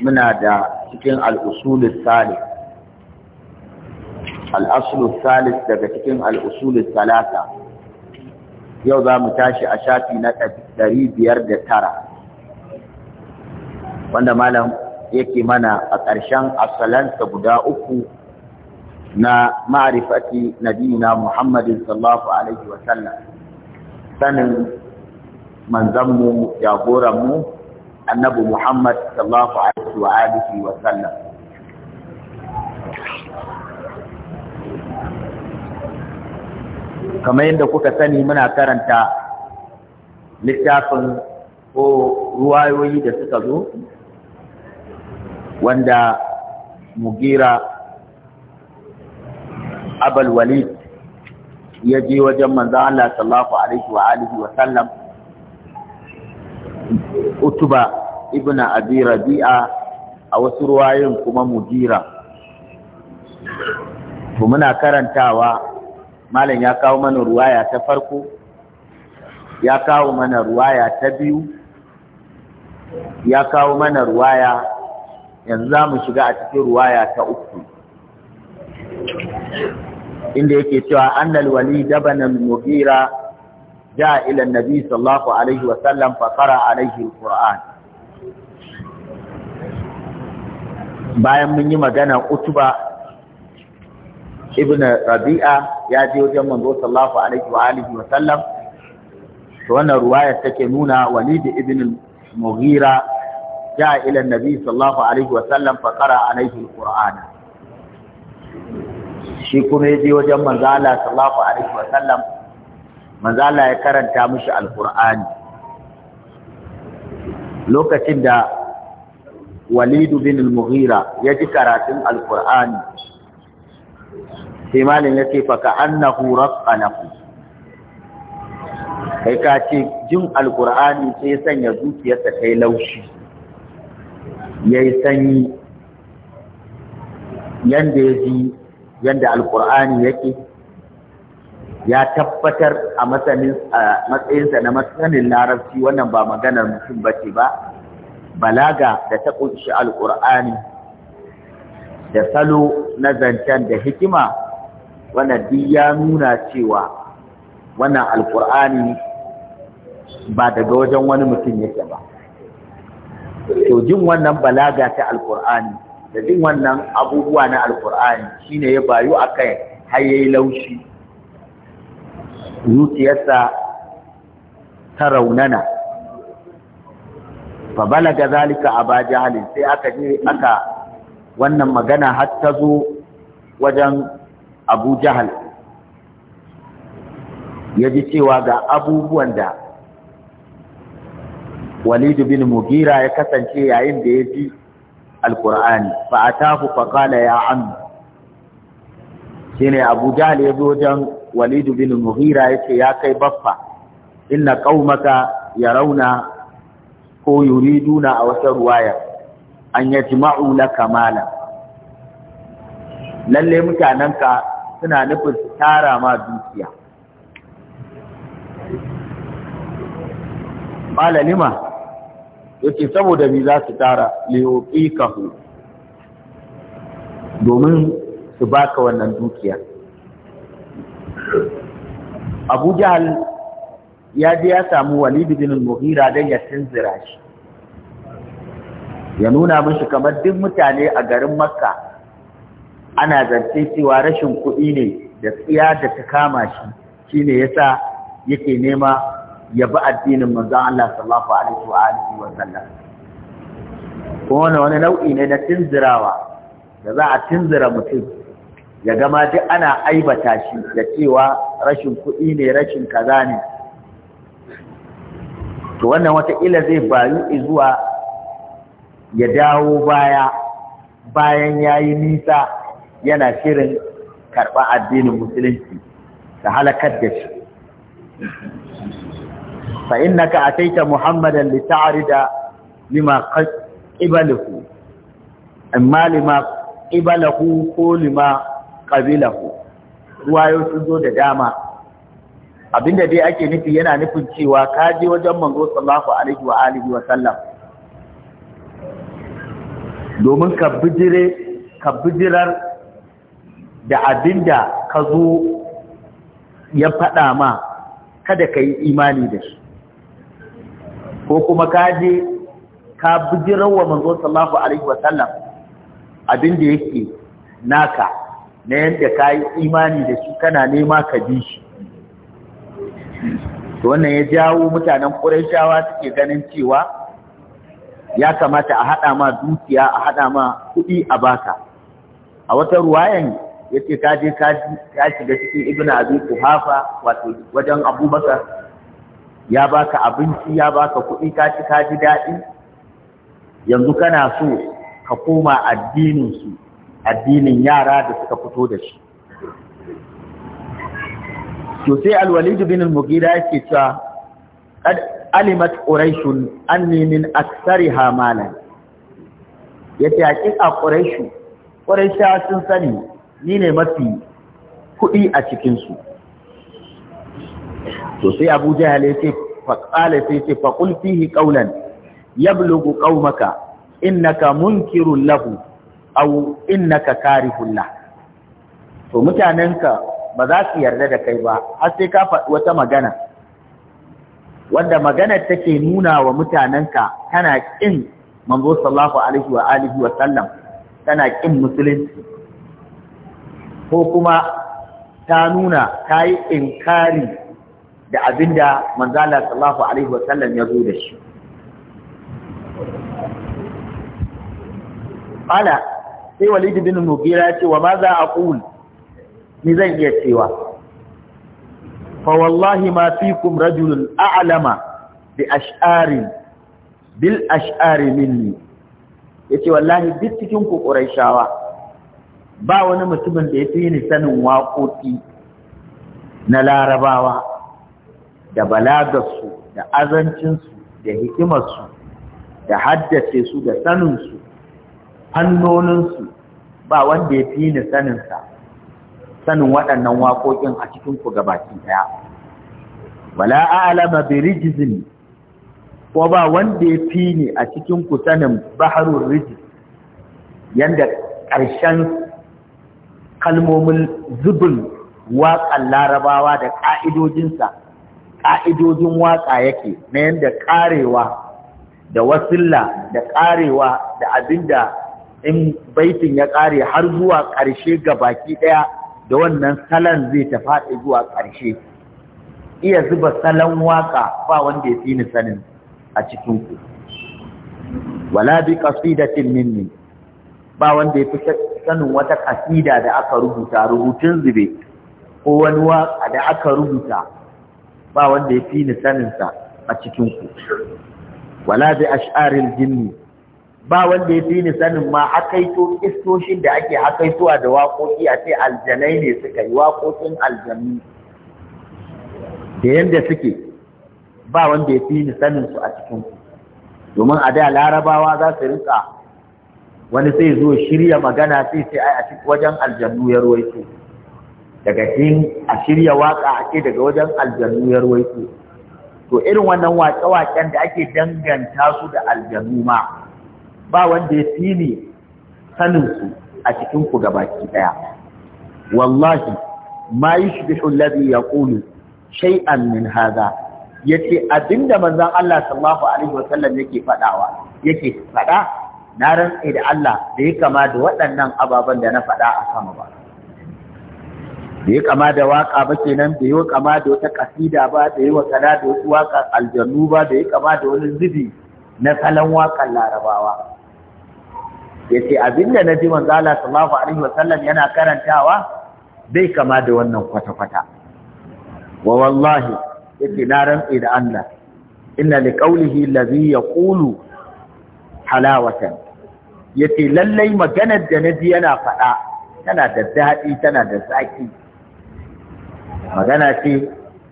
muna da cikin al'usulun salis al'asulun salis daga cikin al'usulun talata yau za mu tashi a shafi na ɗari biyar da tara wanda malam yake mana a ƙarshen asalansa guda uku na ma'arifati nabiyina muhammadin sallallahu alaihi wasallam sanin manzanmu jagoranmu annabi Muhammad sallallahu alaihi wa alihi wa sallam kamar yadda kuka sani muna karanta littafin ko ruwayoyi da suka zo wanda mugira abal ya je wajen manzo Allah sallallahu alaihi wa alihi wa sallam utuba ibn abi rabi'a a wasu ruwayoyin kuma mujira to muna karantawa malam ya kawo mana ruwaya ta farko ya kawo mana ruwaya ta biyu ya kawo mana ruwaya yanzu za mu shiga a cikin ruwaya ta uku inda yake cewa annal wali dabanan mugira جاء إلى النبي صلى الله عليه وسلم فقرأ عليه القرآن bayan mun yi magana utuba ibn rabi'a ya je wajen manzo sallallahu alaihi wa alihi wa sallam to wannan ruwaya take nuna walid ibn al-mughira ja ila nabi sallallahu alaihi wa sallam fa qara alaihi al shi kuma ya je wajen manzo Allah sallallahu alaihi wa sallam manzo Allah ya karanta mushi alqur'ani lokacin da Walidu bin al-Mughira ya ji karatun alqur'ani sai ya ce fa annahu ku. kai ka ce jin alqur'ani sai ya sanya zuciyarsa ta yi laushi yayi sanyi yanda ya ji yanda alqur'ani yake ya tabbatar a matsayinsa na masanin larabci wannan ba maganar mutum ba ce ba balaga da ta ƙunshi alƙur'ani da salo na zancen da hikima wannan duk ya nuna cewa wannan alƙur'ani ba daga wajen wani mutum yake ba to jin wannan balaga ta alƙur'ani da jin wannan abubuwa na shi shine ya bayu akai har yayi laushi zuciyarsa ta raunana fa balaga zalika aba jahalin sai aka je aka wannan magana har ta zo wajen abu jahal ya ji cewa ga abubuwan da walidu bin mugira ya kasance yayin da ya ji alkur'ani fa atahu fa qala ya ammi ne abu jahal ya zo wajen walid bin muhira yake ya kai baffa inna qaumaka yarawna ko yuriduna a wata ruwaya an yajma'u laka malan lalle mutananka suna nufin su tara ma dukiya mala lima yake saboda me za su tara liyoqikahu domin su baka wannan dukiyar. abu jahal ya je ya samu walid bin mughira dan ya tunzira shi ya nuna mashi kamar duk mutane a garin makka ana zance cewa rashin kuɗi ne da tsiya da ta kama shi shine yasa yake nema ya bi addinin manzon Allah sallallahu alaihi wa alihi wa sallam kuma wani nau'i ne na tunzirawa da za a tunzira mutum ya gama duk ana aibata shi da cewa rashin kuɗi ne rashin kaza ne to wannan wataƙila zai bayu zuwa ya dawo baya bayan ya yi nisa yana shirin karɓar addinin musulunci ta halakar da shi fa na ka a taita muhammadan li da lima ƙibalahu amma lima ƙibalahu ko lima qabilahu ruwayo sun zo da dama abinda dai ake nufi yana nufin cewa ka je wajen manzo sallallahu alaihi wa alihi wa sallam domin ka bijire ka bijirar da abinda ka zo ya faɗa ma kada ka yi imani da shi ko kuma ka je ka bijirar wa manzo sallallahu alaihi wa sallam abinda yake naka na yadda ka yi imani da shi kana nema ka bi shi to wannan ya jawo mutanen ƙurashawa suke ganin cewa ya kamata a haɗa ma dukiya a haɗa ma kuɗi a baka a wata ruwayan ya ce ka je ka shiga cikin ibn abi kuhafa wato wajen abubakar ya baka abinci ya baka kuɗi ka kaji ka daɗi yanzu kana so ka koma addininsu addinin yara da suka fito da shi to sai alwalid bin mugira yake cewa qad alimat quraish anni min aktsariha malan yace hakika quraish quraisha sun sani ni ne mafi kuɗi a cikin su to sai abu jahal yace fa sai yace fa qul fihi qawlan qaumaka innaka munkirun lahu au innaka karihullah to mutanenka ba za su yarda da kai ba har sai ka faɗi wata magana wanda maganar take nuna wa mutanenka kana ƙin manzo sallallahu alaihi wa alihi wa sallam kana ƙin musulunci ko kuma ta nuna ta inkari da abinda manzala sallallahu alaihi wa sallam ya zo da shi sai walid bin mugira ya ce wa ma za a ƙul ni zan iya cewa fa wallahi ma fikum rajulun a'lama bi ash'ari bil ash'ari minni yace wallahi duk cikin ku quraishawa ba wani mutumin da ya fi ni sanin waƙoƙi na larabawa da balagarsu da azancinsu da hikimarsu da haddace su da saninsu fannoninsu ba wanda ya fi ni saninsa sanin waɗannan waƙoƙin a cikinku gabaki ɗaya wala a'lama bi rijzin ko ba wanda ya fi ni a cikinku sanin baharul rijz yanda ƙarshen kalmomin zubin waƙan larabawa da ƙa'idojinsa ƙa'idojin waƙa yake na yanda ƙarewa da wasilla da ƙarewa da abinda in baitin ya ƙare har zuwa ƙarshe ga baki ɗaya da wannan salon zai ta faɗi zuwa ƙarshe iya zuba salon waƙa ba wanda ya fi ni sanin a cikin ku wala bi qasidatin minni ba wanda ya fi sanin wata kasida da aka rubuta rubutun zube ko wani waƙa da aka rubuta ba wanda ya fi ni saninsa a cikin ku wala bi ash'aril jinni ba wanda ya fi ni sanin ma akaito kistoshin da ake hakaitowa da waƙoƙi a ce aljanai ne suka yi waƙoƙin aljanu da yadda suke ba wanda ya fi ni sanin su a cikin ku domin a da larabawa za su rinka wani sai zo shirya magana sai sai ai a cikin wajen aljanu ya ruwaito daga cikin a shirya waƙa a ce daga wajen aljanu ya ruwaito to irin wannan waƙe-waƙen da ake danganta su da aljanu ma ba wanda ya fi ni saninsu a cikinku gabaki ɗaya wallahi ma yi shibihu labi ya ƙulu shay'an min haza ya abinda manzan Allah sallallahu alaihi wasallam yake faɗawa yake faɗa na rantse da Allah da ya kama da waɗannan ababen da na faɗa a sama ba da ya kama da waka ba kenan da ya kama da wata kasida ba da ya kama da wasu waka aljannu ba da ya kama da wani zubi na salon wakan larabawa yace abinda naji manzo Allah sallallahu alaihi wasallam yana karantawa bai kama da wannan kwata kwata wa wallahi yake na rantsi da Allah inna liqaulihi allazi yaqulu halawatan yace lallai maganar da naji yana faɗa tana da daɗi tana da zaki magana ce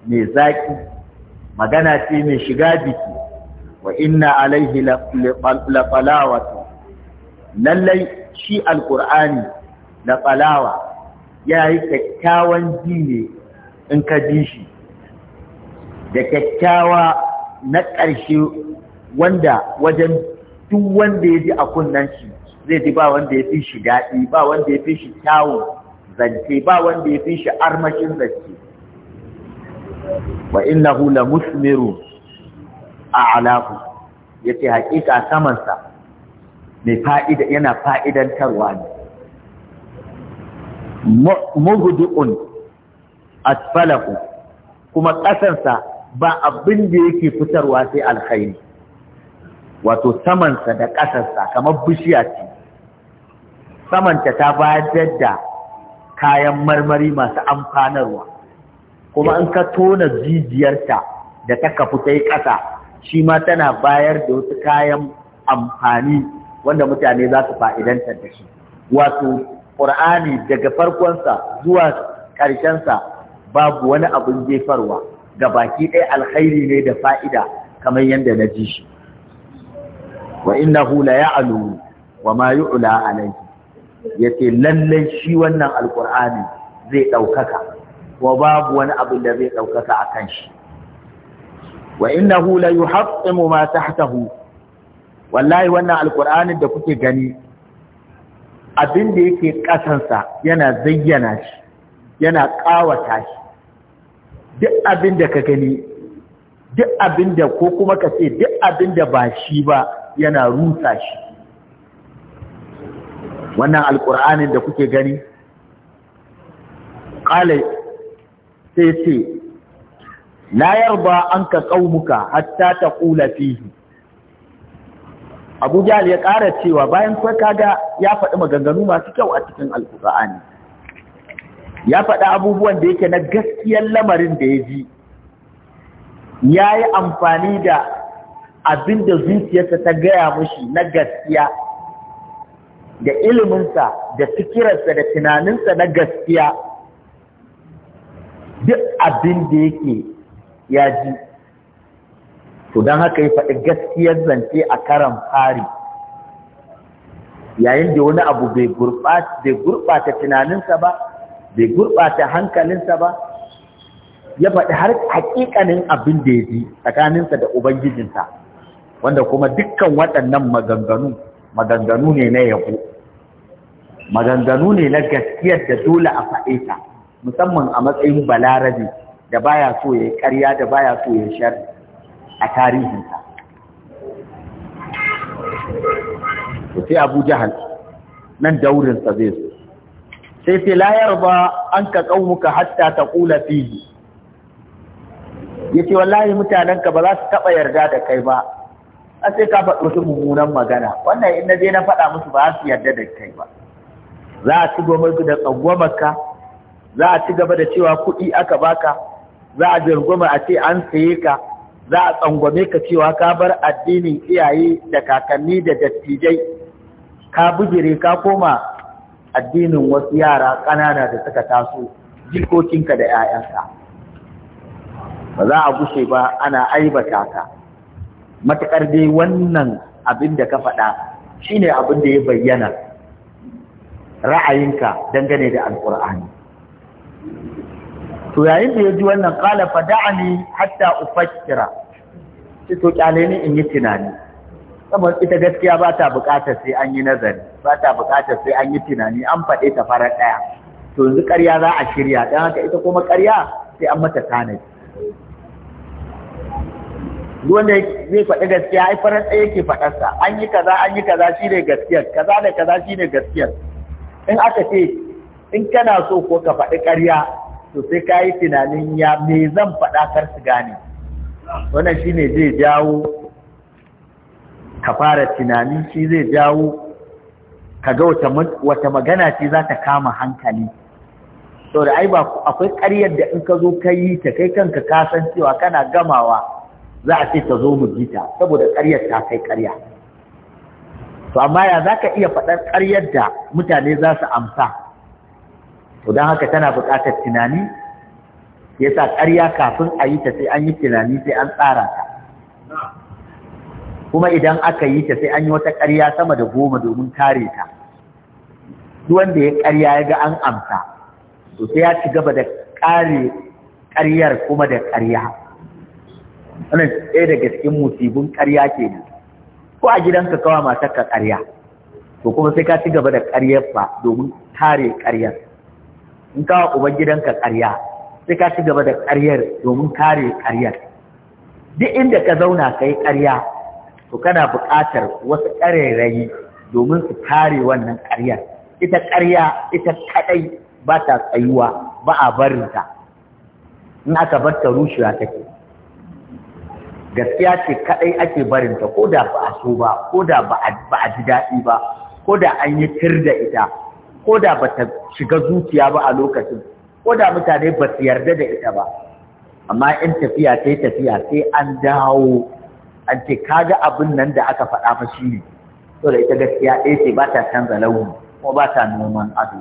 mai zaki magana ce mai shiga jiki wa inna alaihi laqalawatu lallai shi alƙur'ani na Falawa ya yi kyakkyawan ji ne in ka ji shi da kyakkyawa na ƙarshe wanda wajen duk wanda ya ji a kunnen shi zai ji ba wanda ya fi shi daɗi ba wanda ya fi shi kyawun zance ba wanda ya fi shi armashin zance wa innahu la musmiru a alahu Yake hakika samansa mai fa'ida yana fa'idantarwa ne Mugudu'un asfalahu kuma ƙasansa ba abin da yake fitarwa sai alhaini, wato samansa da ƙasarsa kamar bishiya ce samanta ta bayar da kayan marmari masu amfanarwa kuma in ka tona jijiyarta da ta kafu ta yi ƙasa shi ma tana bayar da wasu kayan amfani wanda mutane za su fa'idantar da shi wato ƙur'ani daga farkonsa zuwa ƙarshensa babu wani abin jefarwa ga baki ɗaya alkhairi ne da fa'ida kamar yadda na ji shi wa innahu la ya'lu wa ma yu'la alayhi yace lallai shi wannan Alƙur'ani zai ɗaukaka. wa babu wani abin da zai ɗaukaka a kan shi wa innahu la mu ma tahtahu wallahi wannan alkur'anin da kuke gani abin da yake kasansa yana zayyana shi yana ƙawata shi duk abin da ka gani duk abin da ko kuma ka ce duk abin da ba shi ba yana rusa shi wannan alkur'anin da kuke gani ƙalai sai ce la yarba an ka ƙaunuka hatta ta ƙula fihi Abu ya ƙara cewa bayan kuwa kaga ya faɗi maganganu masu kyau a cikin Alƙur'ani. Ya faɗi abubuwan da yake na gaskiyar lamarin da ya ji. Ya yi amfani da abin da zuciyarsa ta gaya mashi na gaskiya da iliminsa da fikirarsa da tunaninsa na gaskiya duk abin da yake ya ji to don haka ya faɗi gaskiyar zance a karan fari yayin da wani abu bai gurɓata tunaninsa ba bai gurɓata hankalinsa ba ya faɗi har haƙiƙanin abin da ya ji tsakaninsa da ubangijinsa wanda kuma dukkan waɗannan maganganu maganganu ne na yabo maganganu ne na gaskiyar da dole a faɗe ta musamman a matsayin balarabe da baya so ya yi ƙarya da baya so ya sharri a tarihinsa to sai abu jahal nan daurinsa zai zo sai sai layar ba an ka ƙaunuka hatta ta kula fiye ya ce wallahi mutanenka ba za su taɓa yarda da kai ba a sai ka faɗo su mummunan magana wannan in na je na faɗa musu ba su yarda da kai ba za a ci goma da tsangwamarka za a ci gaba da cewa kuɗi aka baka za a jirgoma a ce an saye ka za a tsangwame ka cewa ka bar addinin iyaye da kakanni da dattijai ka bujire ka koma addinin wasu yara ƙanana da suka taso jikokinka da 'ya'yanka ba za a gushe ba ana aibata ka matuƙar dai wannan abin da ka faɗa shine abin da ya bayyana ra'ayinka dangane da alƙur'ani to yayin da ya ji wannan kala fa da'ani hatta ufakkira sai to kyale ni in yi tunani saboda ita gaskiya ba ta buƙatar sai an yi nazari ba ta buƙatar sai an yi tunani an faɗe ta farar ɗaya to yanzu ƙarya za a shirya dan haka ita kuma ƙarya sai an mata tanadi duk wanda zai faɗi gaskiya ai farar ɗaya yake faɗarsa an yi kaza an yi kaza shi ne gaskiyar kaza da kaza shi ne gaskiyar in aka ce in kana so ko ka faɗi ƙarya to sai ka yi tunanin ya me zan faɗa kar su gane wannan shi ne zai jawo ka fara tunani shi zai jawo ka ga wata magana ce za ta kama hankali sau da ai akwai ƙaryar da in ka zo ka yi ta kai kanka ka san cewa kana gamawa za a ce ta zo mu jita saboda ƙaryar ta kai ƙarya to amma ya za ka iya faɗar ƙaryar da mutane za su amsa to dan haka tana buƙatar tunani yasa ƙarya kafin a yi ta sai an yi tunani sai an tsara ta kuma idan aka yi ta sai an yi wata ƙarya sama da goma domin kare ta duk wanda ya ƙarya ya ga an amsa to sai ya ci gaba da kare ƙaryar kuma da ƙarya wannan ɗaya daga cikin musibin ƙarya nan, ko a gidanka kawa ka ƙarya to kuma sai ka ci gaba da ƙaryar ba domin kare ƙaryar in kawo uban gidanka ƙarya sai ka ci gaba da ƙaryar domin kare ƙaryar duk inda ka zauna ka yi ƙarya to kana buƙatar wasu ƙarairayi domin su kare wannan ƙaryar ita ƙarya ita kaɗai ba ta tsayuwa ba a barinta in aka bar ta rushewa take gaskiya ce kaɗai ake barinta ko da ba a so ba ko da ba a ji daɗi ba ko da an yi tir da ita ko da ba ta shiga zuciya ba a lokacin ko da mutane ba su yarda da ita ba amma in tafiya sai tafiya sai an dawo an ce kaga abin nan da aka faɗa fa shi ne to da ita gaskiya ɗaya ce ba ta canza launi ko ba ta noman ado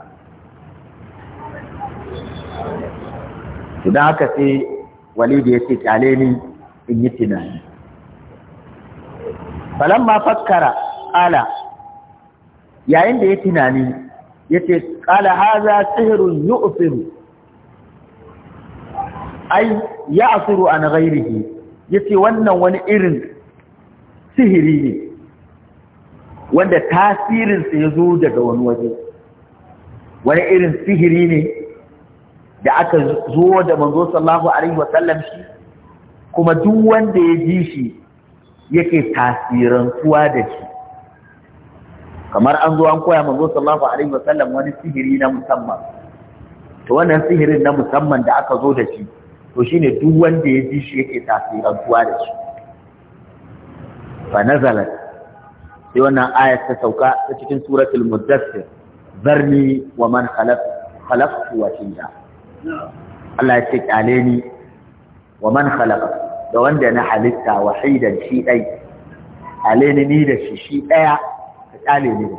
idan haka sai walidu ya ce kyale ni in yi tunani ma fakkara ƙala yayin da ya tunani yace qala hadha sihrun yu'firu ai ya'siru an ghairihi yace wannan wani irin sihiri ne wanda tasirin sa yazo daga wani waje wani irin sihiri ne da aka zo da manzo sallallahu alaihi wasallam shi kuma duk wanda ya ji shi yake tasirantuwa da shi kamar an zo an koya manzo sallallahu alaihi wasallam wani sihiri na musamman to wannan sihirin na musamman da aka zo da shi to shine duk wanda ya ji shi yake tasirantuwa da shi fa nazalat sai wannan ayat ta sauka ta cikin suratul muddassir zarni wa man khalaq khalaqtu wahida Allah ya ce kyale ni wa man khalaq da wanda na halitta wahidan shi dai alaini ni da shi shi daya kyale ne da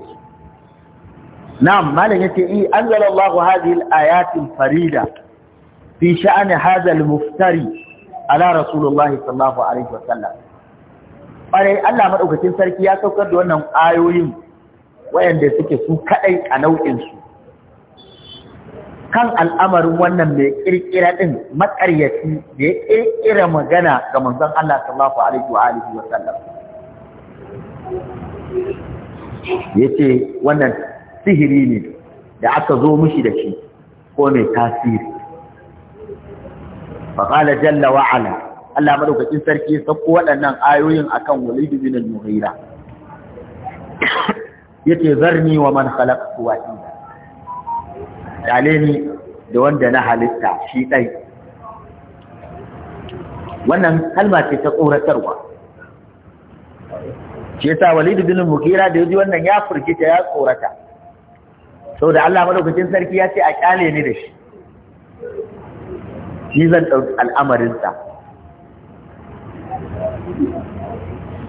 na'am malam yace i eh, anzala Allahu hadhihi al-ayatil farida fi sha'ni hadha al-muftari ala rasulullahi sallallahu alaihi wasallam bare Allah madaukakin sarki ya saukar da wannan ayoyin wayanda suke su kadai a nau'in su kan al'amarin wannan mai kirkira din makaryaci da ya kirkira magana ga manzon Allah sallallahu alaihi wa alihi wasallam yace wannan sihiri ne da aka zo mishi da shi ko mai tasiri faqala jalla wa ala Allah madaukakin sarki sauko waɗannan ayoyin akan Walidu bin al-Mughira yace zarni wa man khalaqtu wahida dale ni da wanda na halitta shi dai wannan kalma ce ta tsoratarwa shi yasa Walid bin mukira da yaji wannan ya furkita ya tsorata saboda Allah madaukakin sarki ya ce a kyale ni da shi shi zan ɗauki al'amarin sa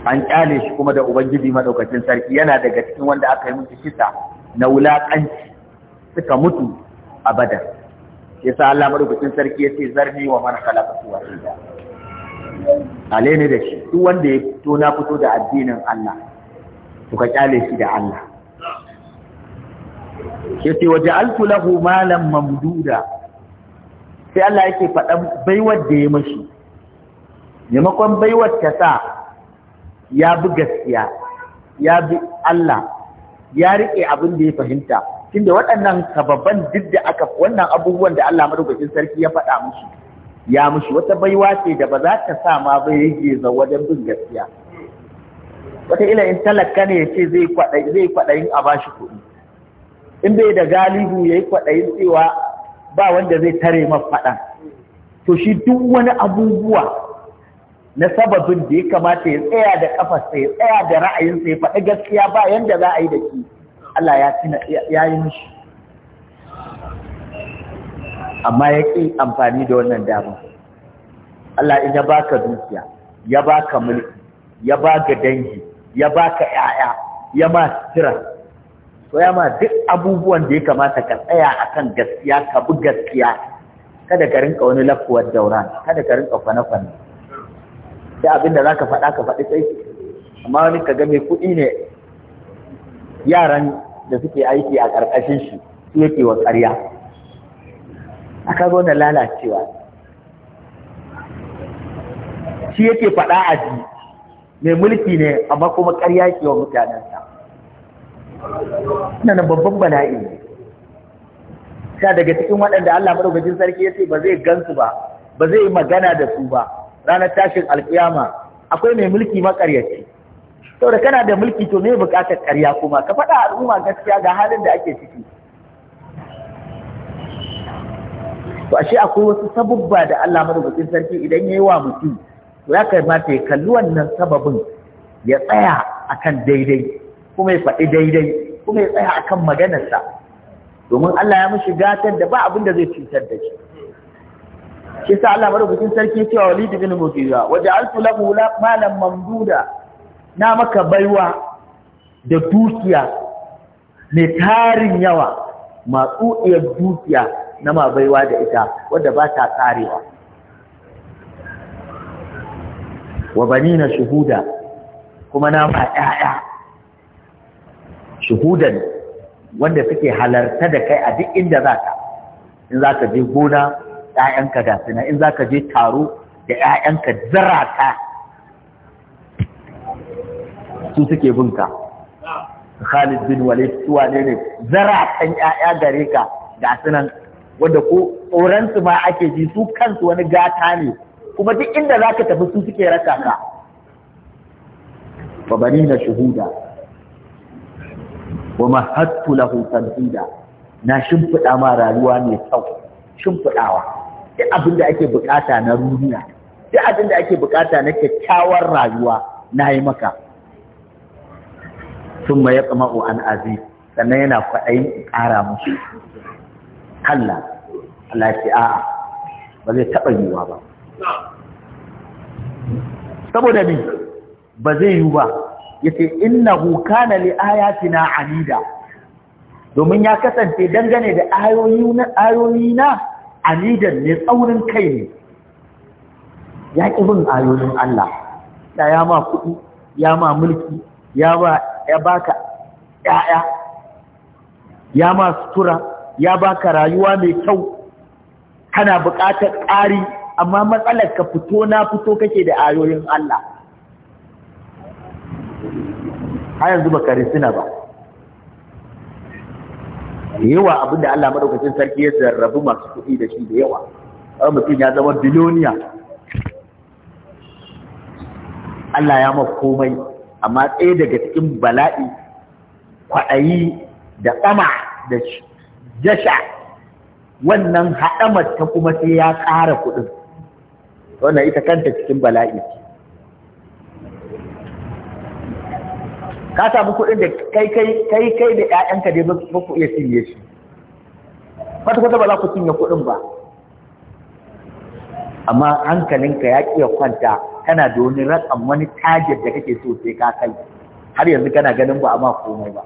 an kyale shi kuma da ubangiji madaukakin sarki yana daga cikin wanda aka yi mutu kisa na wulakanci suka mutu a badar yasa Allah madaukakin sarki ya ce zarni wa man khalaqatu wahida ale ne da shi duk wanda ya fito na fito da addinin Allah to ka kyale shi da Allah waje waja'altu lahu malan mamduda sai Allah yake faɗan baiwar da ya mashi maimakon baiwar ta sa ya bi gaskiya ya bi Allah ya riƙe abin da ya fahimta tunda waɗannan sababban duk da aka wannan abubuwan da Allah madaukakin sarki ya faɗa musu? ya mushi wata baiwa ce da ba za ta sa ma bai yake za wajen bin gaskiya wata ila in talaka ne ya ce zai kwaɗayin a bashi kuɗi in bai da galihu ya yi kwaɗayin cewa ba wanda zai tare ma faɗan to shi duk wani abubuwa na sababin da ya kamata ya tsaya da ƙafarsa, ya tsaya da ra'ayinsa ya faɗi gaskiya ba yanda za a yi da shi Allah ya yi mishi amma ya ƙi amfani da wannan dama Allah in ya baka dukiya ya baka mulki ya baka dangi ya baka ƴaƴa ya ma sitira to ya ma duk abubuwan da ya kamata ka tsaya a kan gaskiya ka bi gaskiya kada ka rinka wani lafuwar daura, kada ka rinka kwane-kwane abin da za ka faɗa ka faɗi sai amma wani ka ga mai kuɗi ne yaran da suke aiki a ƙarƙashin shi su yake wa ƙarya aka zo da lalacewa shi yake faɗa a ji mai mulki ne amma kuma ƙarya ke wa mutanensa nan babban bala'i ne sha daga cikin waɗanda Allah madaukakin sarki ya ce ba zai gansu ba ba zai yi magana da su ba ranar tashin alƙiyama akwai mai mulki makaryaci saboda kana da mulki to me bukatar ƙarya kuma ka faɗa al'umma gaskiya ga halin da ake ciki to ashe akwai wasu sababba da Allah madaukakin sarki idan yayi wa mutum to ya kamata ya kalli wannan sababin ya tsaya akan daidai kuma ya faɗi daidai kuma ya tsaya akan maganarsa domin Allah ya mishi gatar da ba abin da zai cutar da shi shi sa Allah madaukakin sarki ya ce wa Walid bin Mughira wa ja'altu lahu malan mamduda na maka baiwa da dukiya mai tarin yawa matsuɗiyar dukiya na mabaiwa da ita wadda ba ta tsarewa wa banina shuhuda kuma na ma ƴaƴa shuhudan wanda suke halarta da kai a duk inda za ka in za ka je gona ‘ya'yanka da suna in za ka je taro da ‘ya'yanka zarata su suke bunka Khalid bin Walid su wane ne zara kan ƴaƴa gare ka ga sunan wanda ko tsoron su ma ake ji su kansu wani gata ne kuma duk inda zaka tafi su suke raka ka wa na shuhuda wa mahattu lahu tanfida na shimfiɗa ma rayuwa ne sau shimfiɗawa duk abin da ake bukata na ruhiya duk abin da ake bukata na kyakkyawar rayuwa na yi maka sun ma ya tsama'u an azi sannan yana kwaɗayin ƙara musu kalla Allah ce a'a ba zai taɓa yiwuwa ba saboda ne ba zai yiwu ba ya ce innahu kana li na anida domin ya kasance dangane da ayoyi na anidan ne tsaurin kai ne ya ƙi bin ayoyin Allah ya ma kuɗi ya ma mulki ya ba ya baka ƴaƴa ya ma sutura ya baka rayuwa mai kyau kana buƙatar ƙari amma matsalar ka fito na fito kake da ayoyin Allah har yanzu baka risina ba da yawa abinda Allah madaukakin sarki ya zarrabu masu kuɗi da shi da yawa ɗan mutum ya zama biloniya Allah ya ma komai amma ɗaya daga cikin bala'i kwaɗayi da ƙama da jasha wannan haɗamar ta kuma sai ya ƙara kuɗin wannan ita kanta cikin bala'i ka samu kuɗin da kai kai da 'ya'yanka dai ba ku iya cinye shi kwata-kwata ba za ku cinye kuɗin ba amma hankalinka ya ƙi kwanta kana da wani rakan wani target da kake so sai ka kai har yanzu kana ganin ba a ma komai ba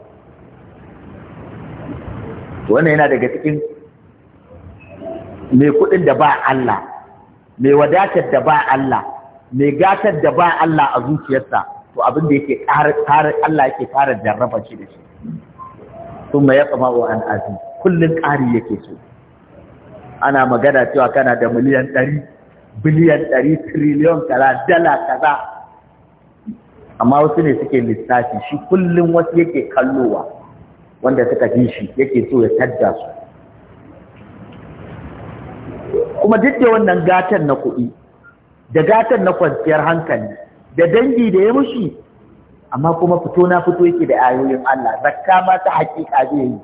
wannan yana daga cikin mai kuɗin da ba Allah mai wadatar da ba Allah mai gatar da ba Allah a zuciyarsa to abin da yake ƙara Allah yake fara jarraba shi da shi sun mai tsama wa an kullum ƙari yake so ana magana cewa kana da miliyan ɗari biliyan ɗari triliyon kaza dala kaza amma wasu ne suke lissafi shi kullum wasu yake kallowa wanda suka ji shi yake so ya tadda su kuma duk da wannan gatan na kuɗi da gatan na kwanciyar hankali da dangi da ya mushi amma kuma fito na fito yake da ayoyin Allah zakka ma ta haƙiƙa zai yi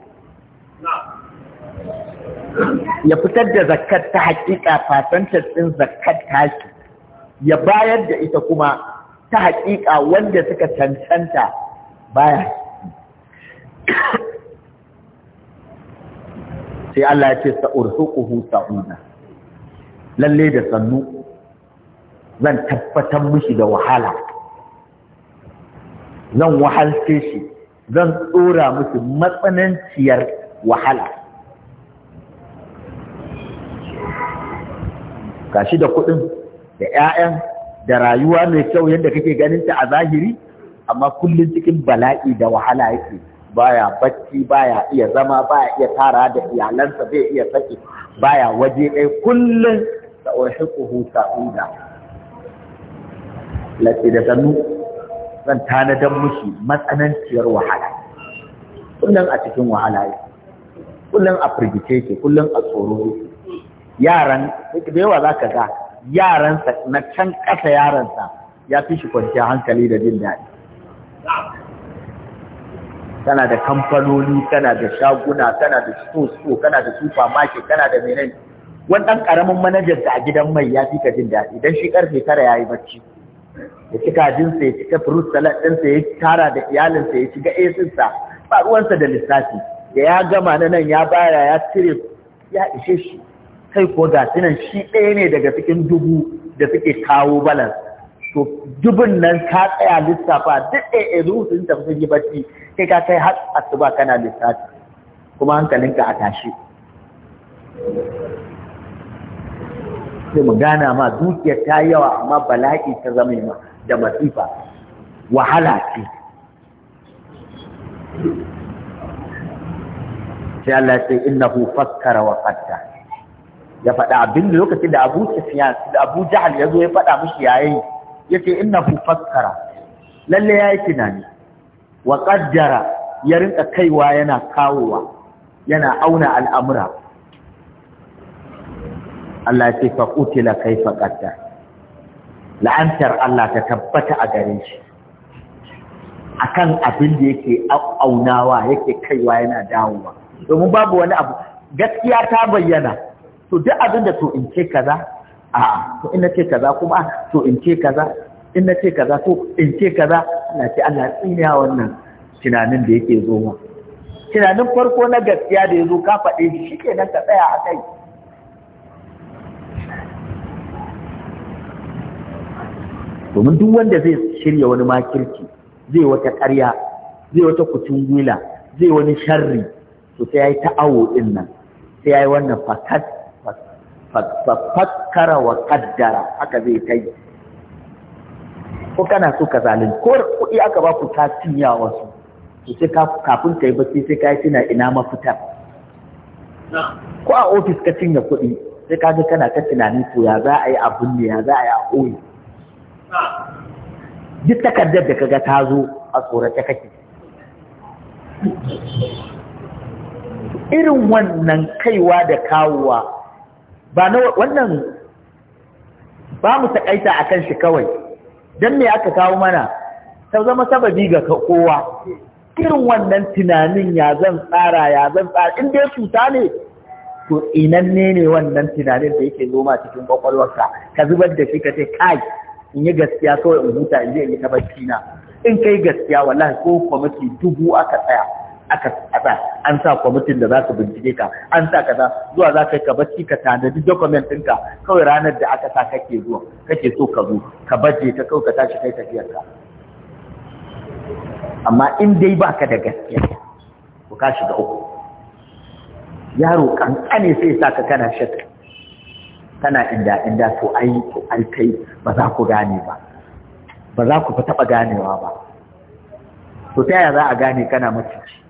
ya fitar da zakat ta hakika fasantar ɗin zakat tashi ya bayar da ita kuma ta hakika wanda suka cancanta baya sai Allah ya ce sa'urhuquhu sa'una lalle da sannu zan tabbatar mishi da wahala zan wahalce shi zan tsora musu matsananciyar wahala gashi da kuɗin da 'ya'yan da rayuwa mai kyau yadda kake ganin ta a zahiri amma kullum cikin bala'i da wahala yake baya bacci baya iya zama baya iya tara da iyalansa bai iya saki baya waje ɗaya kullum da ta sa'uda lati da sannu zan tanadan mushi matsananciyar wahala kullum a cikin wahala yake kullum a firgice yake kullum a tsoro yake yaran da yawa za ka ga yaransa na can ƙasa yaransa ya fi shi kwanciyar hankali da jin daɗi tana da kamfanoni tana da shaguna tana da sto tana da supermarket tana da menene wannan ƙaramin manajan da a gidan mai ya fi ka jin daɗi don shi ƙarfe tara yayi yi bacci ya ci kajinsa ya cika fruit salad ɗinsa ya tara da iyalinsa ya shiga esinsa ba ruwansa da lissafi da ya gama na nan ya baya ya cire ya ishe shi kai ko ga shi ɗaya ne daga cikin dubu da suke kawo balan to dubun nan ka tsaya lissafa duk ɗaya zuwa sun tafi sun yi bacci kai ka kai har asuba kana lissafi kuma hankalinka a tashi sai mu gana ma dukiyar ta yawa amma bala'i ta zama ma da masifa wahala ce sai Allah sai innahu fakkara wa fatta ya faɗa abin da lokacin da Abu da Abu ya zo ya faɗa mishi yayi yace innahu fakkara lalle yi tunani wa ya rinka kaiwa yana kawowa yana auna al'amura Allah ya ce fa qutila kaifa qaddar la'antar Allah ta tabbata a gare shi akan abin da yake aunawa yake kaiwa yana dawowa domin babu wani abu gaskiya ta bayyana to duk abin da to in ce kaza a to in ce kaza kuma to in ce kaza in ce kaza to in ce kaza Allah ce Allah tsiniya wannan tunanin da yake zo ma tunanin farko na gaskiya da ya zo ka faɗe shi shikenan ka tsaya a kai domin duk wanda zai shirya wani makirci zai wata ƙarya zai wata kucin wila zai wani sharri to sai ya yi ta'awo ɗin nan sai ya yi wannan fakat fakkara wa kaddara haka zai kai ko kana so ka zalun? ko kuɗi aka ba ku ta cinya wasu to sai kafin ka yi sai ka yi tuna ina mafitar ko a ofis ka cinya kuɗi sai ka ga kana ta tunanin to ya za a yi abin ne ya za a yi a ɓoye duk takardar da kaga ta zo a tsorata kake irin wannan kaiwa da kawowa ba na wannan ba mu takaita akan shi kawai dan me aka kawo mana ta zama sababi ga kowa irin wannan tunanin ya zan tsara ya zan tsara in dai cuta ne to inan ne ne wannan tunanin da yake zoma cikin kwakwalwarka ka zubar da shi ka ce kai in yi gaskiya kawai in huta in je in yi ta na in kai gaskiya wallahi ko kwamiti dubu aka tsaya aka tsada an sa kwamitin da za ka bincike ka an sa ka zuwa za ka yi ka bacci ka tanadi document ɗinka kawai ranar da aka sa kake zuwa kake so ka zo ka baje ka, kawai ka tashi kai tafiyar ka amma in dai ba ka da gaskiya ku ka shiga uku yaro kankane sai sa ka kana shakka kana inda inda to ai to ai kai ba za ku gane ba ba za ku taɓa ganewa ba to ta yaya za a gane kana mutunci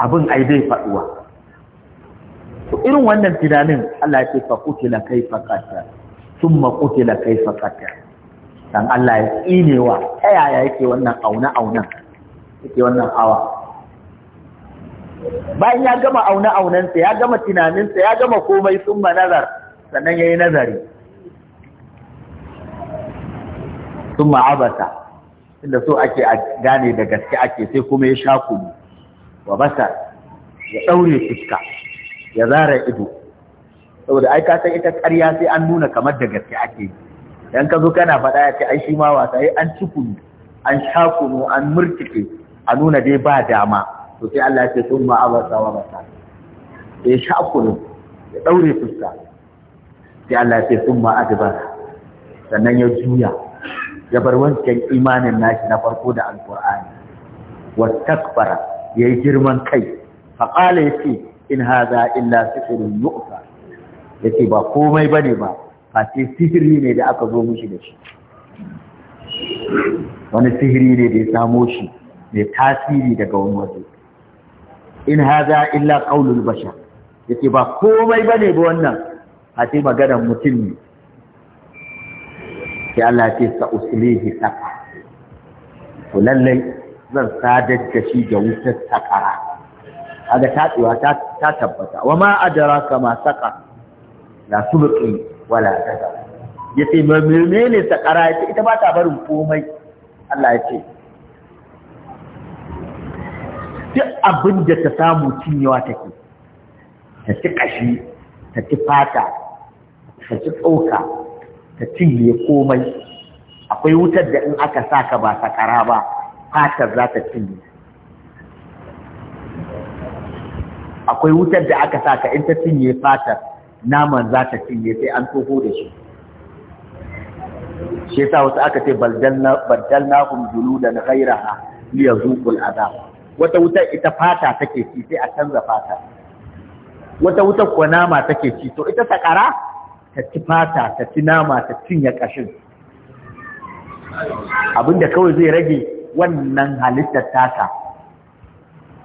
abin ai bai faduwa to irin wannan tunanin Allah ya ce fa kutila kaifa qatar thumma kutila kai qatar dan Allah ya tsinewa ta yaya yake wannan auna aunan yake wannan awa bayan ya gama auna aunansa ya gama tunaninsa ya gama komai ma nazar sannan yayi nazari thumma abasa inda so ake gane da gaske ake sai kuma ya sha kunu wa basa ya daure fuska ya zara ido saboda ai ka san ita ƙarya sai an nuna kamar da gaske ake yi dan ka zo kana faɗa ya ce ai shi ma wasa ai an cikunu an shakunu an murtike a nuna dai ba dama to sai Allah ya ce sun ma abasa wa basa ya shakunu ya daure fuska sai Allah ya ce sun ma adbara sannan ya juya ya bar wancan imanin nashi na farko da alqur'ani takbara ya yi girman kai faƙala ya ce in haza illa sifirin yu'fa ya ce ba komai ba ne ba face sihiri ne da aka zo mushi da shi wani sihiri ne da ya samo shi mai tasiri daga wani waje in haza illa qaulul bashar ce ba komai bane ba wannan a ce maganar mutum ne sai Allah ya ce sa uslihi saqa to lallai zan sadar da shi da wutar sakara kaga tatsuwa ta tabbata wa ma ka ma saka la tubqi wala ce yace menene sakara yace ita ba ta barin komai Allah yace duk abin da ta samu cinyewa take ta ci kashi ta ci fata ta ci tsoka ta cinye komai akwai wutar da in aka saka ba sakara ba fatar za ta cinye akwai wutar da aka sa ka in ta cinye fatar naman za ta cinye sai an toho da shi shi yasa wasu aka ce da na baddalnahum ha ghayraha liyazuqul adab wata wutar ita fata take ci sai a canza fata wata wutar kuwa nama take ci to ita sakara ta ci fata ta ci nama ta cinye kashin abinda kawai zai rage wannan halittar taka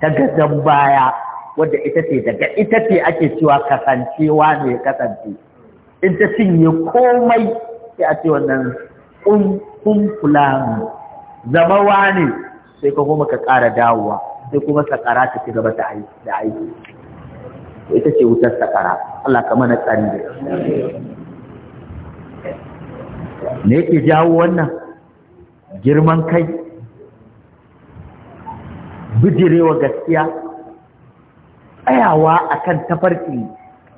ta gadon baya wadda ita ce daga ita ce ake cewa kasancewa ne kasance in ta cinye komai sai a ce wannan kun fulani zama ne sai ka kuma ka ƙara dawowa sai kuma sakara ta ci gaba da aiki ita ce wutar sakara Allah ka mana tsari da ne ke jawo wannan girman kai bijirewa gaskiya tsayawa akan tafarki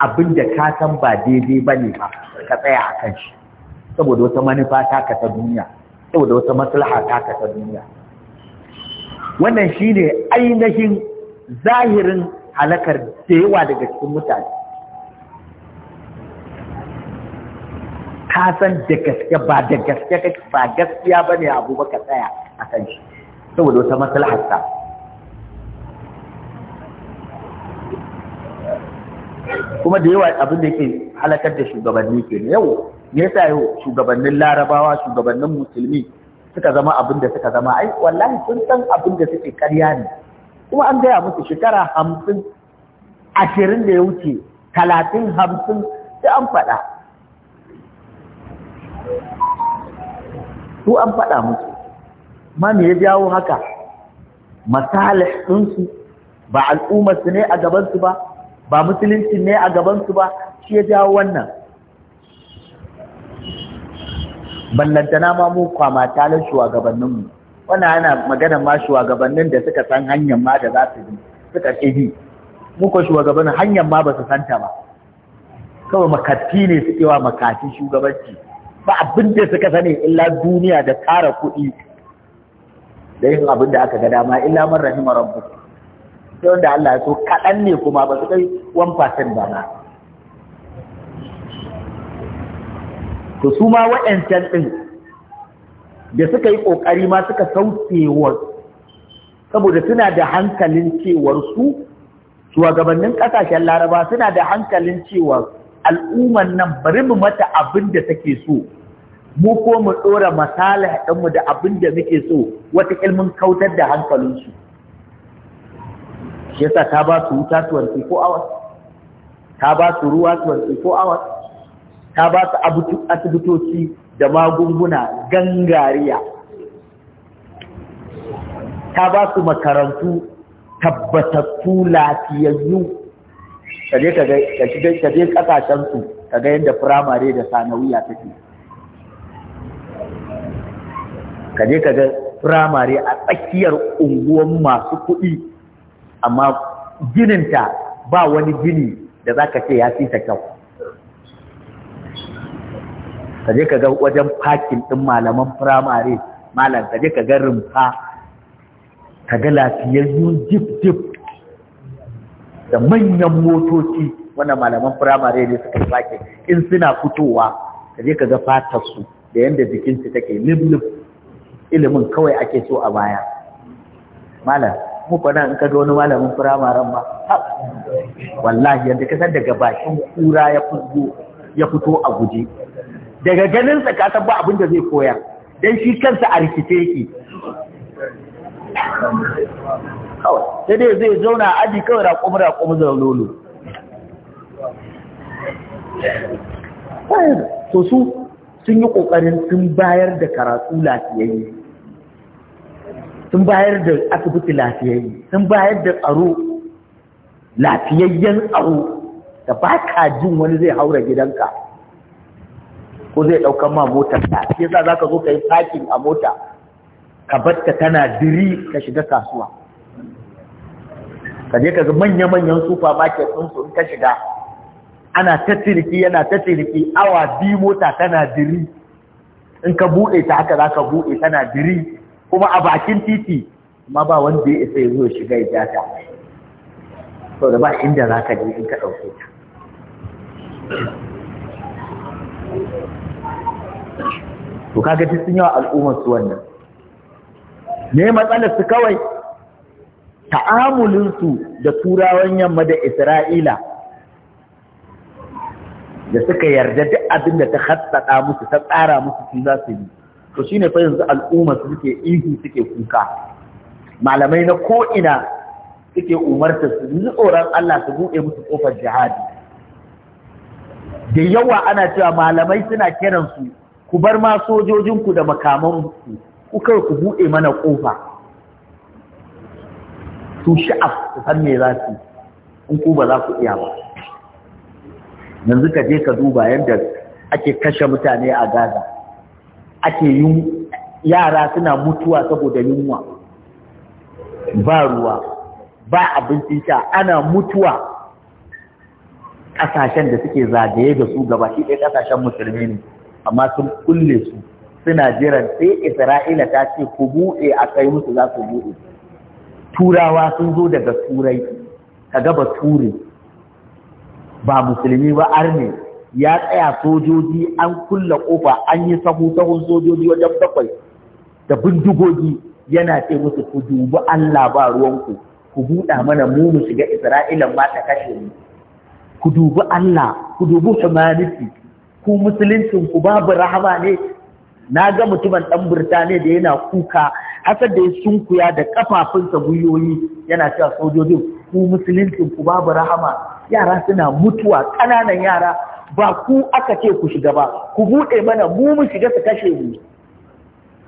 abin da ka san ba daidai ba ne ba ka tsaya a kan shi saboda wata manufa ka ta duniya saboda wata maslaha ka ta duniya wannan shine ainihin zahirin halakar da yawa daga cikin mutane ka san da gaske ba da gaske ba gaskiya ne abu ba ka tsaya a kan shi saboda wata ta. kuma da yawa abin da yake halakar da shugabanni ke yau ne sa yau shugabannin larabawa shugabannin musulmi suka zama abin da suka zama ai wallahi sun san abin da suke karya ne kuma an gaya musu shekara hamsin ashirin da ya wuce talatin hamsin sai an faɗa su an faɗa musu ma me ya jawo haka masalih ba al'ummarsu ne a gabansu ba ba musulunci ne a gabansu ba shi ya jawo wannan ballantana ma mu kwama talar shugabanninmu wannan ana magana ma shugabannin da suka san hanyar ma da za su bi suka ƙi mu ko shugabannin hanyar ma ba su santa ba kawai makatti ne suke wa makati shugabanci ba abin da suka sani illa duniya da tara kuɗi da yin abin da aka ga dama illa man rahima rabbuka sai wanda Allah ya so kaɗan ne kuma ba su kai 1% ba na to su ma waɗancan ɗin da suka yi ƙoƙari ma suka saukewar saboda suna da hankalin cewar su shugabannin ƙasashen laraba suna da hankalin cewar al'umman nan bari mu mata abin da take so mu ko mu ɗora masala ɗinmu da abin da muke so wata ilmin kautar da hankalinsu. su shi yasa ta ba su wuta 24 hours ta ba su ruwa 24 hours ta ba su asibitoci da magunguna gangariya ta ba su makarantu tabbatattu lafiyayyu ka je ka kasashensu ka ga yadda firamare da sanawiya take ka je ka ga firamare a tsakiyar unguwan masu kuɗi amma ginin ta ba wani gini da za ka ce ya fi ta kyau ka je ka ga wajen fakin ɗin malaman firamare malam ka je ka ga rumfa ka ga lafiyayyun jif jif da manyan motoci wanda malaman firamare ne suka fake in suna fitowa ka je ka ga fatarsu da yadda jikinsu take lif-lif, ilimin kawai ake so a baya malam muku in ka ga wani malamin firamaren ba wallahi yadda ka san daga bakin kura ya fito a guje daga ganin sa ka san ba abin da zai koya dan shi kansa a rikice yake kawai sai dai zai zauna aji kawai raƙumi raƙumi da lolo to su sun yi ƙoƙarin sun bayar da karatu lafiyayye sun bayar da asibiti lafiyayye sun bayar da tsaro lafiyayyen tsaro da ba ka jin wani zai haura gidanka ko zai ɗaukar ma motar ta shi yasa za ka zo ka yi fakin a mota ka batta tana diri ka shiga kasuwa ka je ka ga manya-manyan Super Market su in ka shiga ana ta yana ta awa biyu mota tana diri in ka buɗe ta haka za ka buɗe tana diri kuma a bakin titi kuma ba wanda ya isa ya zo shiga ya ja ta sau da ba inda za ka je in ka ɗauke ta to kaga gaji sun yawa al'ummar su wannan ne matsalar su kawai ta'amulinsu da turawan yamma da isra'ila da suka yarda duk abin da ta hatsada musu ta tsara musu su za su yi to ne fa yanzu al'umma suke ihu suke kuka malamai na ko'ina suke umarta su yi tsoron Allah su buɗe musu ƙofar jihadi da yawa ana cewa malamai suna kiran su ku bar ma sojojinku da makamansu ku kai ku buɗe mana ƙofa. su sha'af su san me za su in ku ba za ku iya ba yanzu ka je ka duba yadda ake kashe mutane a Gaza ake yi yara suna mutuwa saboda yunwa ba ruwa ba abinci sha ana mutuwa ƙasashen da suke zagaye da su gaba shi ɗaya ƙasashen musulmi ne amma sun kulle su suna jiran sai isra'ila ta ce ku buɗe a kai musu za su buɗe turawa sun zo daga turai ka gaba ture ba musulmi ba arne ya tsaya sojoji an kulle kofa an yi sahu sahun sojoji wajen bakwai da bindigogi yana ce musu ku dubi Allah ba ruwanku ku buɗa mana mu mu shiga Isra'ila ma ta kashe mu ku dubi Allah ku dubi humanity ku musuluncin ku babu rahama ne na ga mutumin ɗan Birtaniya da yana kuka hasar da ya sunkuya da kafafunsa gwiwoyi yana cewa sojojin ku musulunci ku babu rahama yara suna mutuwa ƙananan yara ba ku aka ce ku shiga ba ku buɗe mana mu mu shiga su kashe mu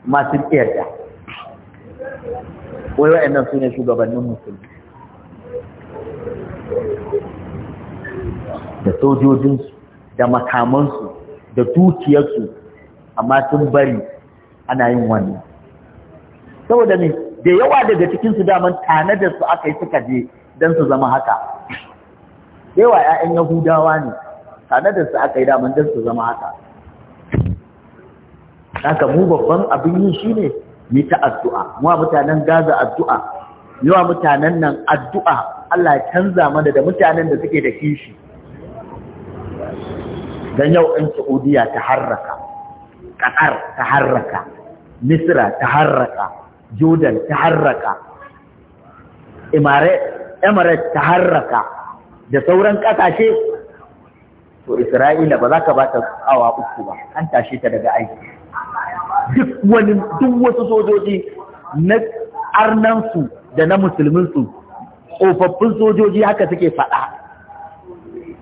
masu tsiyarta wai wa'annan su ne shugabannin musulmi da sojojinsu da makamansu da dukiyarsu amma sun bari ana yin wani. saboda ne da yawa daga cikinsu daman tanadar su aka yi suka je don su zama haka yawa 'ya'yan yahudawa ne tanadar su aka yi daman don su zama haka haka mu babban abin yi shine mu ta addu'a mu mutanen gaza addu'a yawa mutanen nan addu'a Allah ya canza mana da mutanen da suke da kishi dan yau in Saudiya ta harraka Qatar ta harraka Misra ta harraka Jordan ta harraka Emirates ta harraka da sauran ƙasashe. to Isra'ila ba za ka ba ta awa uku ba an tashe ta daga aiki duk wani duk wasu sojoji na arnansu da na musulminsu tsofaffin sojoji haka suke faɗa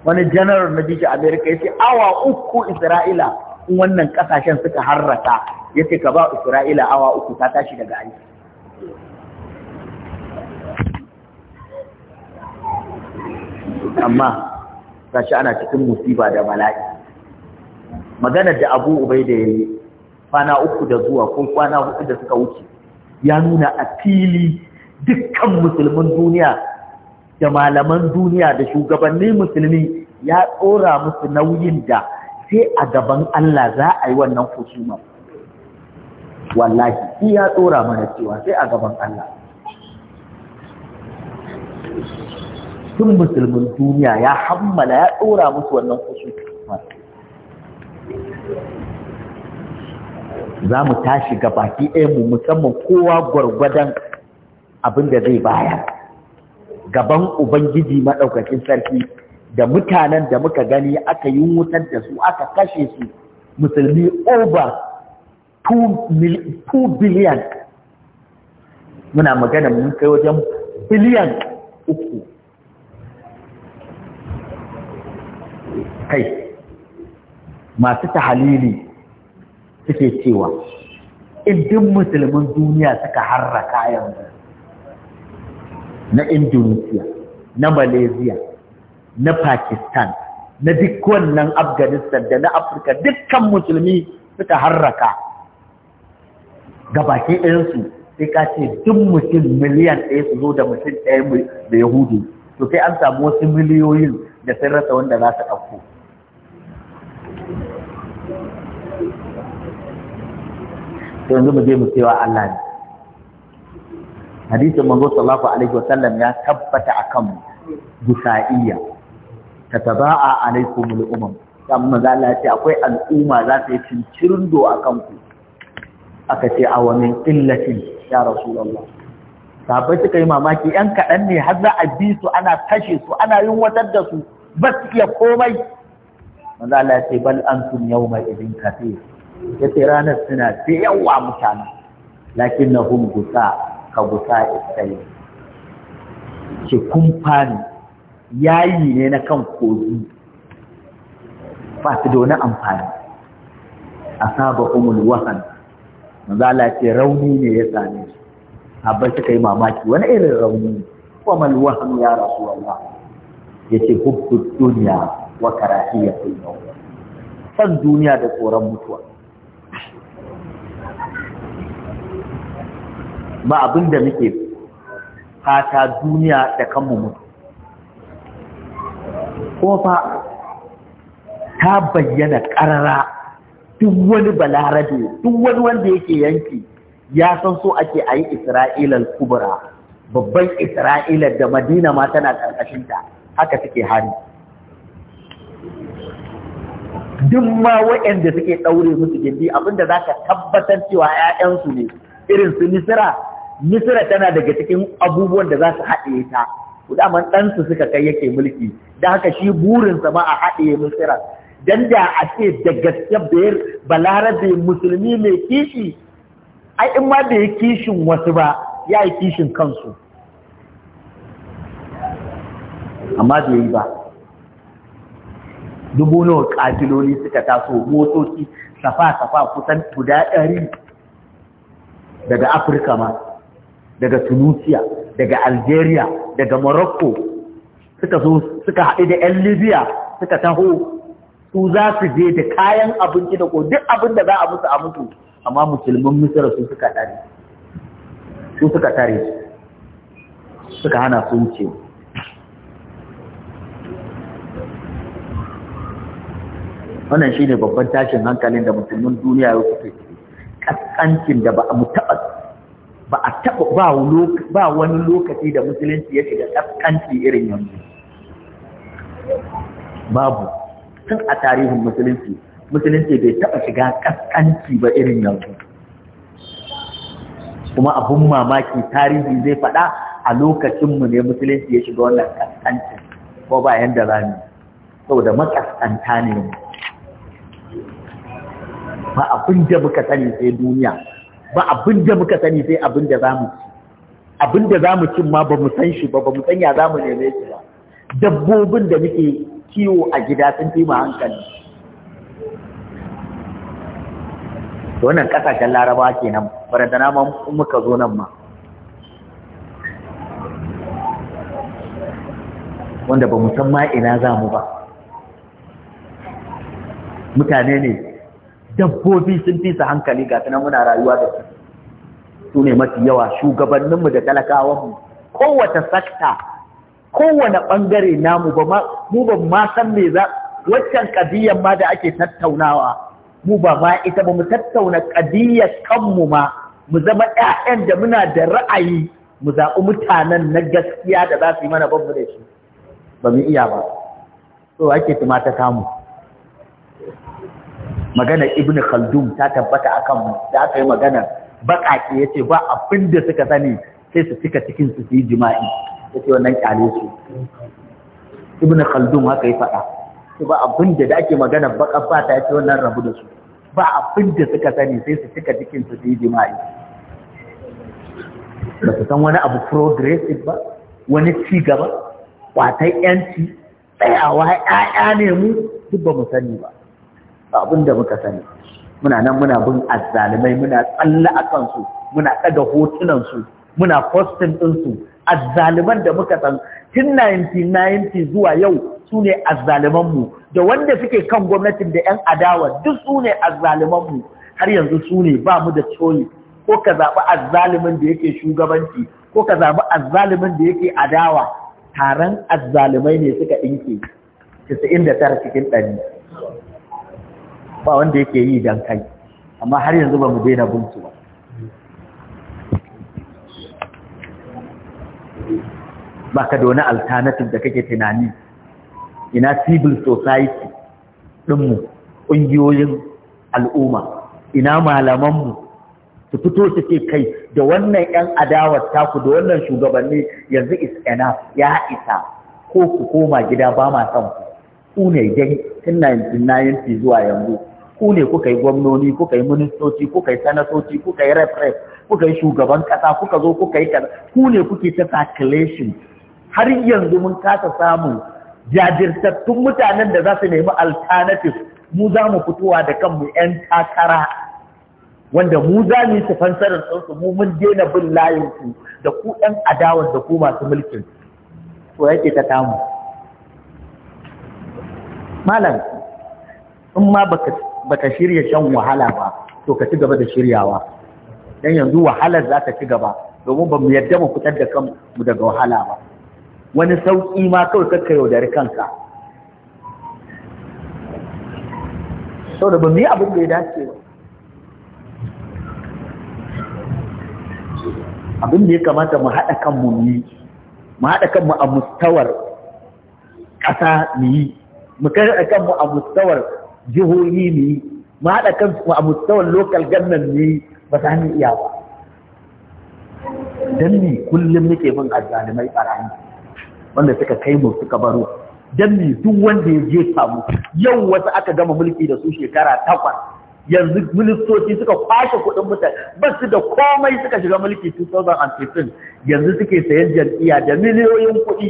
wani janar na jiji amerika ya ce awa uku isra'ila in wannan ƙasashen suka harrata ya ce ka ba isra'ila awa uku ta tashi daga aiki amma gashi ana cikin musiba da mala'i. Maganar da Abu Ubaida yayi kwana uku da zuwa ko kwana hudu da suka wuce ya nuna a fili dukkan musulmin duniya da malaman duniya da shugabannin musulmi ya tsora musu nauyin da sai a gaban Allah za a yi wannan kusuma wallahi ya tsora mana cewa sai a gaban Allah cikin musulmin duniya ya hammala ya ɗora musu wannan kusur za mu tashi ga baki ɗaya mu musamman kowa gwargwadon abin da zai bayar gaban ubangiji maɗaukakin sarki da mutanen da muka gani aka yi wutar da su aka kashe su musulmi over 2 billion. muna magana mun kai wajen biliyan uku kai masu tahalili suke cewa idin musulmin duniya suka harraka yanzu na indonesia na malaysia na pakistan na duk wannan afghanistan da na afirka dukkan musulmi suka harraka gabake ɗayansu sai ka ce duk mutum miliyan ɗaya su zo da mutum ɗaya da yahudu to sai an samu wasu miliyoyin da sun rasa wanda za su ɗauko yanzu mu je mu cewa Allah ne hadisin manzo sallallahu alaihi wa sallam ya tabbata akan busa'iyya tataba'a alaikumul umam dan manzo Allah ya ce akwai al'umma za ta yi cincirindo akan ku aka ce a wani illatin ya rasulullah sabai suka yi mamaki yan kaɗan ne har za a bi su ana kashe su ana yunwatar da su ba su iya komai manzo Allah ya ce bal antum yawma idin ya ce ranar suna da yawa mutane lakin na hun gusa ka gusa iskai ce kumfani yayi ne na kan kogi ba su da wani amfani a saba umul wahan mazala ce rauni ne ya same su abin suka yi mamaki wani irin rauni wa mal ya rasu Allah ya ce hubbud duniya wa kai maut san duniya da tsoron mutuwa ba abin da muke fata duniya da kanmu mutu ko fa ta bayyana ƙarara duk wani balarabe duk wani wanda yake yanki ya san so ake a yi isra'ilal kubra babban Isra'ilal da madina ma tana ƙarƙashinta haka suke hari duk ma waɗanda suke ɗaure musu gindi abinda za ka tabbatar cewa ‘ya'yansu ne irin su nisira misira tana daga cikin abubuwan da za su haɗe ta kudaman ɗansu suka kai yake mulki da haka shi burinsa ma a haɗe misira don da a ce da gaske bayar balarabe musulmi mai kishi ai in ma da ya kishin wasu ba ya yi kishin kansu amma bai yi ba dubu nawa suka taso motoci safa-safa kusan guda ɗari daga afirka ma daga tunisia daga algeria daga morocco suka zo suka haɗu da 'yan libya suka taho su za su je da kayan abinci da ko duk abin da za a musu a mutu amma musulman misira su suka tare su suka tare suka hana su wuce wannan shine babban tashin hankalin da musulmin duniya ya kuke kaskancin da ba mu taɓa ba a taɓa ba wani lokaci da musulunci ya shiga ƙasƙanci irin yanzu babu tun a tarihin musulunci musulunci bai taɓa shiga ƙasƙanci ba irin yanzu kuma abun mamaki tarihi zai faɗa a lokacinmu ne musulunci ya shiga wannan ƙasƙancin ko ba yanda za mu saboda makaskanta ne ba abin da muka sani sai duniya ba abin da muka sani sai abin da za mu ci abin da za mu cin ma ba mu san shi ba ba mu san ya za mu neme shi ba dabbobin da muke kiwo a gida sun fi mu hankali wannan kasashen laraba kenan barazana ma muka zo nan ma wanda ba mu san ma ina za mu ba mutane ne dabbobi sun fi su hankali ga tunan muna rayuwa da su su ne mafi yawa shugabanninmu da talakawanmu kowace sakta kowane ɓangare namu ba mu ba ma san me za waccan ƙadiyyar ma da ake tattaunawa mu ba ma ita ba mu tattauna kadiyyar kanmu ma mu zama ƴaƴan da muna da ra'ayi mu zaɓi mutanen na gaskiya da za su yi mana babu da shi ba mu iya ba so ake tumata kamu magana ibn khaldun ta tabbata akan da aka yi magana baƙaƙe ya ce ba abin da suka sani sai su cika cikin su yi jima'i ya ce wannan kyale su ibn khaldun haka yi faɗa ba abin da ake magana baƙar fata ya ce wannan rabu da su ba abin da suka sani sai su cika cikin su yi jima'i ba su san wani abu progressive ba wani ci gaba kwatan yanci tsayawa ya'ya ne mu duk ba mu sani ba abin da muka sani muna nan muna bin azzalimai muna tsalla a kansu muna ɗaga hotunansu muna postin ɗinsu azzaliman da muka san tun 1990 zuwa yau su ne azzalimanmu da wanda suke kan gwamnatin da 'yan adawa duk su ne azzalimanmu har yanzu su ne ba mu da coyi ko ka zaɓi azzalimin da yake shugabanci ko ka zaɓi azzalimin da yake adawa taron azzalimai ne suka ɗinke 99 cikin ɗari ba wanda yake yi dan kai amma har yanzu ba mu daina buntu ba ba ka da alternative da kake tunani ina civil society ɗinmu ƙungiyoyin al'umma ina malamanmu su fito su ce kai da wannan 'yan adawar taku da wannan shugabanni yanzu is enough ya isa ko ku koma gida ba ma son ku ku ne dai tun 1990 zuwa yanzu ku ne kuka yi gwamnoni kuka yi ministoci kuka yi sanatoci kuka yi rep rep kuka yi shugaban kasa kuka zo kuka yi kaza ku ne kuke ta calculation har yanzu mun kasa samun jajirtattun mutanen da za su nemi alternative mu za mu fitowa da kanmu 'yan takara wanda mu za mu yi fansarar su, mu mun daina bin layinsu da ku 'yan adawar da ku masu mulkin to yake ta tamu malam in ma baka baka shirya shan wahala ba to ka ci gaba da shiryawa dan yanzu wahalar za ta ci gaba domin ba mu yadda mu fitar da kanmu daga wahala ba wani sauƙi ma kawai kakka yaudari kanka sau da ba mu yi abin da ya dace ba abin da ya kamata mu haɗa kanmu mu yi mu haɗa kanmu a mustawar ƙasa mu yi mu kai kanmu a mustawar jihohi ne mu haɗa kansu a mustawan lokal gannan ne ba ta hannun iya ba dan ni kullum nake bin azalimai barayi wanda suka kai mu suka baro dan ni duk wanda ya je samu yau wasu aka gama mulki da su shekara takwas yanzu ministoci suka kwashe kuɗin mutane ba su da komai suka shiga mulki 2015 yanzu suke sayan jam'iyya da miliyoyin kuɗi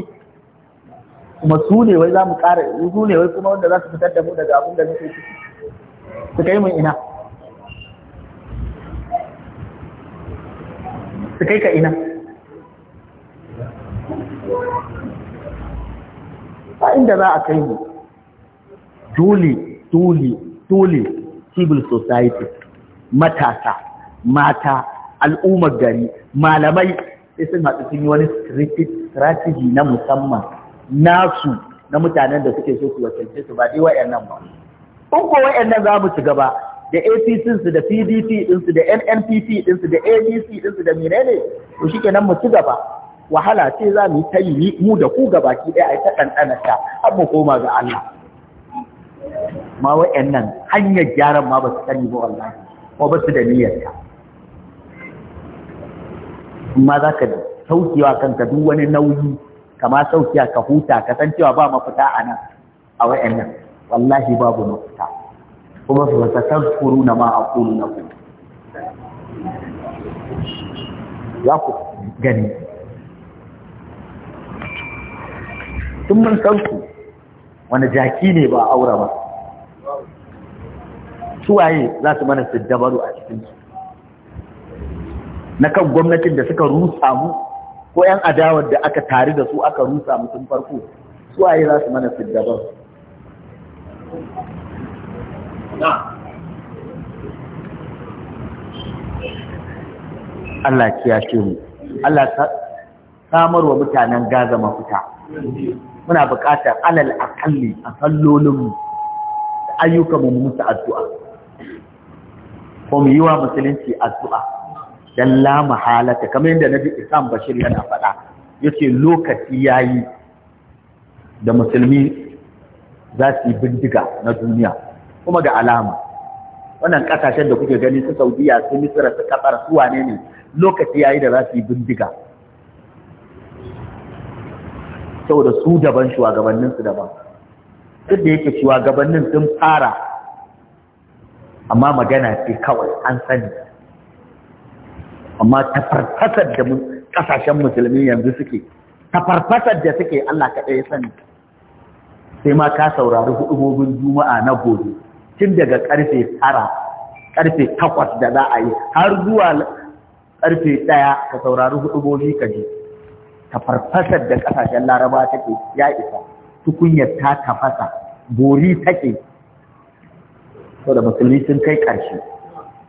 kuma su ne wai za mu ƙara su ne wai kuma wanda za su fitar da mu daga abin da muke ciki su kai mu ina su kai ka ina a inda za a kai mu dole dole dole civil society matasa mata al'ummar gari malamai sai sun haɗu sun yi wani strategy na musamman nasu na mutanen da suke so su wakilce su ba dai wayannan ba in ko wayannan za mu ci gaba da APC su da PDP din da NNPP din da ADC din da menene to shikenan mu ci gaba wahala ce za mu ta yi mu da ku gabaki ɗaya a ta ɗanɗana ta har mu koma ga Allah ma wayannan hanyar gyaran ma ba su sani ba wallahi ko ba su da niyyar ta amma za ka saukewa kanka duk wani nauyi kama saukiya ka huta ka san cewa ba mafita a nan a wa'annan wallahi babu mafita kuma su ta tazkuru na ma aqulu lakum Ya ku gani tun mun san ku wani jaki ne ba aura ba suwaye za su mana su dabaru a cikin na kan gwamnatin da suka rusa mu ko ‘yan adawar da aka taru da su aka rusa mutum farko su waye za su mana siddaban Allah ce mu Allah samar wa mutanen gaza mafuta muna buƙatar alal akalli a sallolinmu da ayyukanmu musu addu'a ko mu yi wa musulunci addu'a dan la mahalata kamar yadda nabi Isam Bashir yana faɗa yace lokaci yayi da musulmi za su yi bindiga na duniya kuma ga alama wannan ƙasashen da kuke gani su Saudiya su Misira, su Qatar su wane ne lokaci yayi da za su yi bindiga saboda su daban shugabannin su daban duk da yake shugabannin sun fara amma magana ce kawai an sani amma farfasar da kasashen musulmi yanzu suke farfasar da suke Allah kaɗai ya sani sai ma ka saurari hudubobin juma'a na gobe tun daga karfe tara karfe takwas da za a yi har zuwa karfe ɗaya ka saurari hudubobi ka je farfasar da kasashen laraba take ya isa tukunyar ta tafasa bori take saboda musulmi sun kai ƙarshe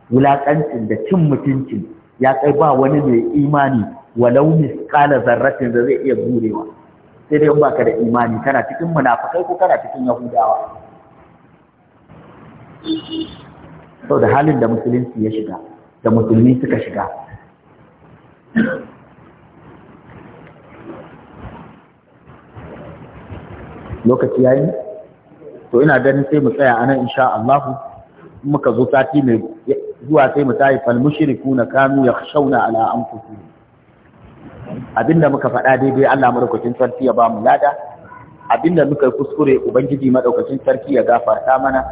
wulaƙancin da cin mutuncin ya kai ba wani mai imani walau misqala zarratin da zai iya gurewa. sai dai baka da imani kana cikin munafikai ko kana cikin yahudawa sau da halin da musulunci ya shiga da musulmi suka shiga lokaci yayi to ina ganin sai mu tsaya anan insha Allahu. muka zo sati mai zuwa sai mu tayi fal na kanu yakhshawna ala anfusihim abinda muka faɗa daidai Allah madaukakin sarki ya ba mu lada abinda muka kuskure ubangiji madaukakin sarki ya gafarta mana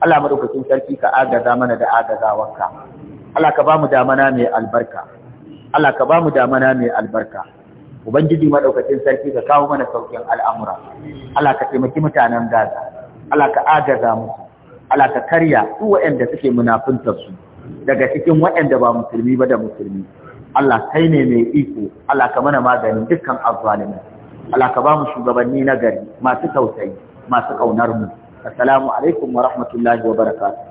Allah madaukakin sarki ka agaza mana da agazawarka Allah ka ba mu damana mai albarka Allah ka ba mu damana mai albarka ubangiji madaukakin sarki ka kawo mana saukin al'amura Allah ka taimaki mutanen Gaza Allah ka agaza musu alaka ka karya su waɗanda suke munafuntar su daga cikin waɗanda ba musulmi ba da musulmi Allah kai ne mai iko Allah ka mana magani dukkan azzalimi Allah ka ba mu shugabanni na gari masu tausayi masu kaunar mu assalamu alaikum wa rahmatullahi wa barakatuh